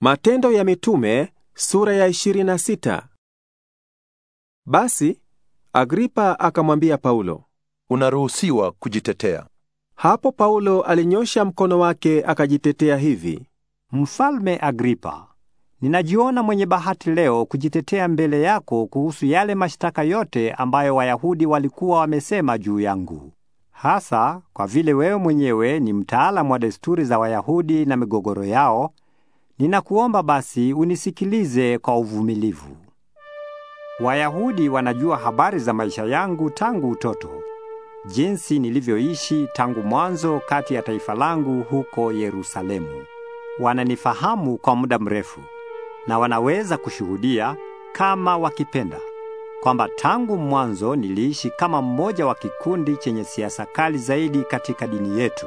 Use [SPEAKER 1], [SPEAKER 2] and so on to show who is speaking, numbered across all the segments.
[SPEAKER 1] Matendo ya Mitume sura ya 26. Basi Agripa akamwambia Paulo, unaruhusiwa kujitetea. Hapo Paulo alinyosha mkono wake akajitetea hivi, Mfalme
[SPEAKER 2] Agripa, ninajiona mwenye bahati leo kujitetea mbele yako kuhusu yale mashtaka yote ambayo Wayahudi walikuwa wamesema juu yangu, hasa kwa vile wewe mwenyewe ni mtaalamu wa desturi za Wayahudi na migogoro yao Ninakuomba basi unisikilize kwa uvumilivu. Wayahudi wanajua habari za maisha yangu tangu utoto, jinsi nilivyoishi tangu mwanzo kati ya taifa langu huko Yerusalemu. Wananifahamu kwa muda mrefu na wanaweza kushuhudia kama wakipenda kwamba tangu mwanzo niliishi kama mmoja wa kikundi chenye siasa kali zaidi katika dini yetu,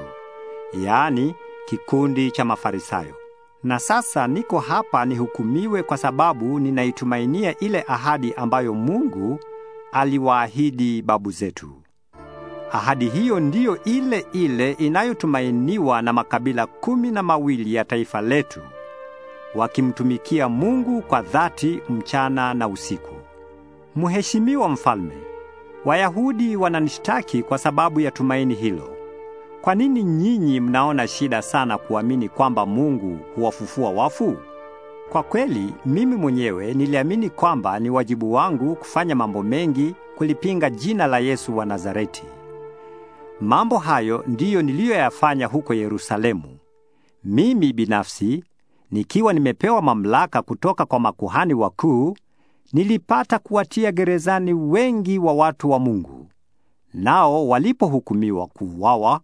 [SPEAKER 2] yaani kikundi cha Mafarisayo na sasa niko hapa nihukumiwe kwa sababu ninaitumainia ile ahadi ambayo Mungu aliwaahidi babu zetu. Ahadi hiyo ndiyo ile ile inayotumainiwa na makabila kumi na mawili ya taifa letu, wakimtumikia Mungu kwa dhati mchana na usiku. Mheshimiwa Mfalme, Wayahudi wananishtaki kwa sababu ya tumaini hilo. Kwa nini nyinyi mnaona shida sana kuamini kwamba Mungu huwafufua wafu? Kwa kweli mimi mwenyewe niliamini kwamba ni wajibu wangu kufanya mambo mengi kulipinga jina la Yesu wa Nazareti. Mambo hayo ndiyo niliyoyafanya huko Yerusalemu. Mimi binafsi nikiwa nimepewa mamlaka kutoka kwa makuhani wakuu, nilipata kuwatia gerezani wengi wa watu wa Mungu. Nao walipohukumiwa kuuawa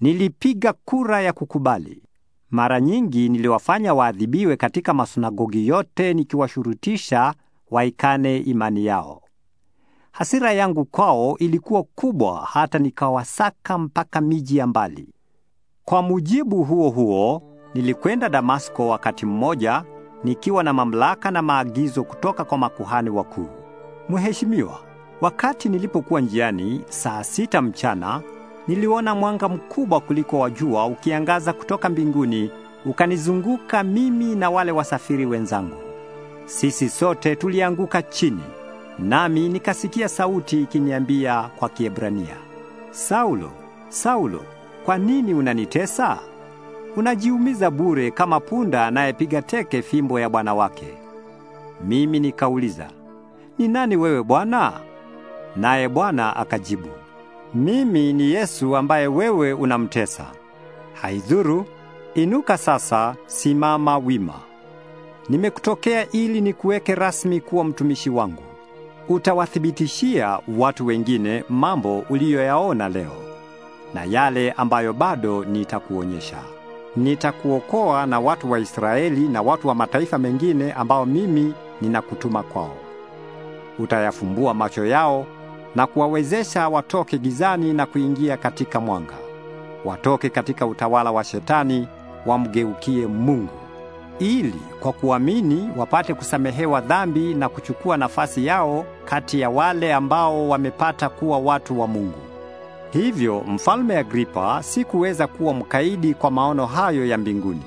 [SPEAKER 2] Nilipiga kura ya kukubali. Mara nyingi niliwafanya waadhibiwe katika masunagogi yote nikiwashurutisha waikane imani yao. Hasira yangu kwao ilikuwa kubwa hata nikawasaka mpaka miji ya mbali. Kwa mujibu huo huo, nilikwenda Damasko wakati mmoja nikiwa na mamlaka na maagizo kutoka kwa makuhani wakuu. Mheshimiwa, wakati nilipokuwa njiani saa sita mchana niliona mwanga mkubwa kuliko wa jua ukiangaza kutoka mbinguni ukanizunguka mimi na wale wasafiri wenzangu. Sisi sote tulianguka chini, nami nikasikia sauti ikiniambia kwa Kiebrania, Saulo, Saulo, kwa nini unanitesa? Unajiumiza bure kama punda anayepiga teke fimbo ya bwana wake. Mimi nikauliza, ni nani wewe Bwana? Naye Bwana akajibu mimi ni Yesu ambaye wewe unamtesa. Haidhuru, inuka sasa, simama wima. Nimekutokea ili nikuweke rasmi kuwa mtumishi wangu. Utawathibitishia watu wengine mambo uliyoyaona leo na yale ambayo bado nitakuonyesha. Nitakuokoa na watu wa Israeli na watu wa mataifa mengine ambao mimi ninakutuma kwao. Utayafumbua macho yao na kuwawezesha watoke gizani na kuingia katika mwanga, watoke katika utawala wa Shetani, wamgeukie Mungu, ili kwa kuamini wapate kusamehewa dhambi na kuchukua nafasi yao kati ya wale ambao wamepata kuwa watu wa Mungu. Hivyo Mfalme Agripa sikuweza kuwa mkaidi kwa maono hayo ya mbinguni,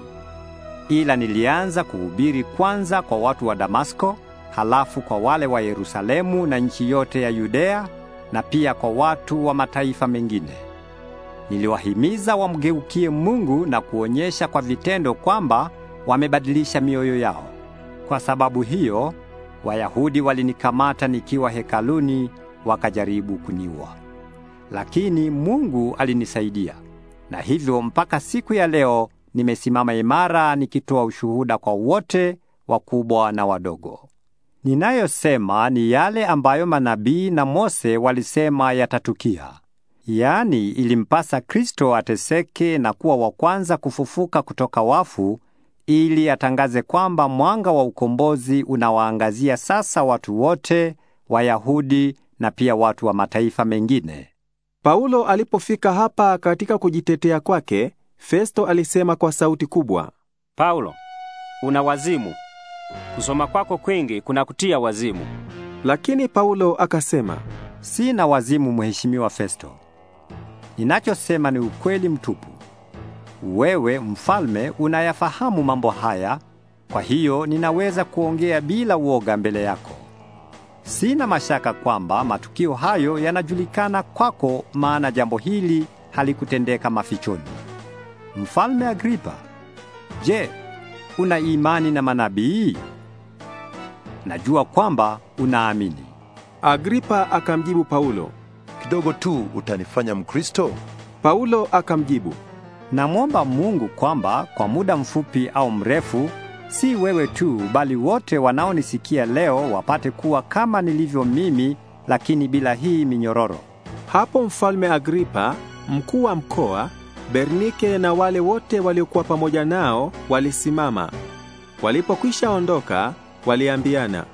[SPEAKER 2] ila nilianza kuhubiri kwanza kwa watu wa Damasko halafu kwa wale wa Yerusalemu na nchi yote ya Yudea na pia kwa watu wa mataifa mengine. Niliwahimiza wamgeukie Mungu na kuonyesha kwa vitendo kwamba wamebadilisha mioyo yao. Kwa sababu hiyo, Wayahudi walinikamata nikiwa hekaluni wakajaribu kuniua. Lakini Mungu alinisaidia. Na hivyo mpaka siku ya leo nimesimama imara nikitoa ushuhuda kwa wote wakubwa na wadogo ninayosema ni yale ambayo manabii na Mose walisema yatatukia. Yaani, ilimpasa Kristo ateseke na kuwa wa kwanza kufufuka kutoka wafu ili atangaze kwamba mwanga wa ukombozi unawaangazia sasa watu wote, Wayahudi na pia watu wa mataifa mengine. Paulo alipofika hapa
[SPEAKER 1] katika kujitetea kwake, Festo alisema kwa sauti kubwa, Paulo, una wazimu kusoma kwako kwingi kuna kutia wazimu.
[SPEAKER 2] Lakini Paulo akasema, sina wazimu, mheshimiwa Festo. Ninachosema ni ukweli mtupu. Wewe mfalme unayafahamu mambo haya, kwa hiyo ninaweza kuongea bila woga mbele yako. Sina mashaka kwamba matukio hayo yanajulikana kwako, maana jambo hili halikutendeka mafichoni. Mfalme Agripa, je, huna imani na manabii? Najua kwamba unaamini.
[SPEAKER 1] Agripa akamjibu Paulo, kidogo tu utanifanya Mkristo? Paulo
[SPEAKER 2] akamjibu, namwomba Mungu kwamba kwa muda mfupi au mrefu, si wewe tu, bali wote wanaonisikia leo wapate kuwa kama nilivyo mimi, lakini bila hii minyororo. Hapo Mfalme Agripa, mkuu wa
[SPEAKER 1] mkoa Bernike na wale wote waliokuwa pamoja nao walisimama. Walipokwisha ondoka, waliambiana,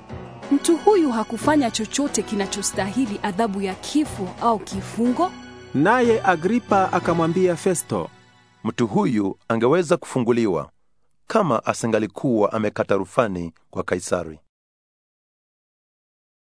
[SPEAKER 1] mtu huyu hakufanya chochote kinachostahili adhabu ya kifo au kifungo. Naye Agripa akamwambia Festo, mtu huyu angeweza kufunguliwa kama asingalikuwa amekata rufani kwa Kaisari.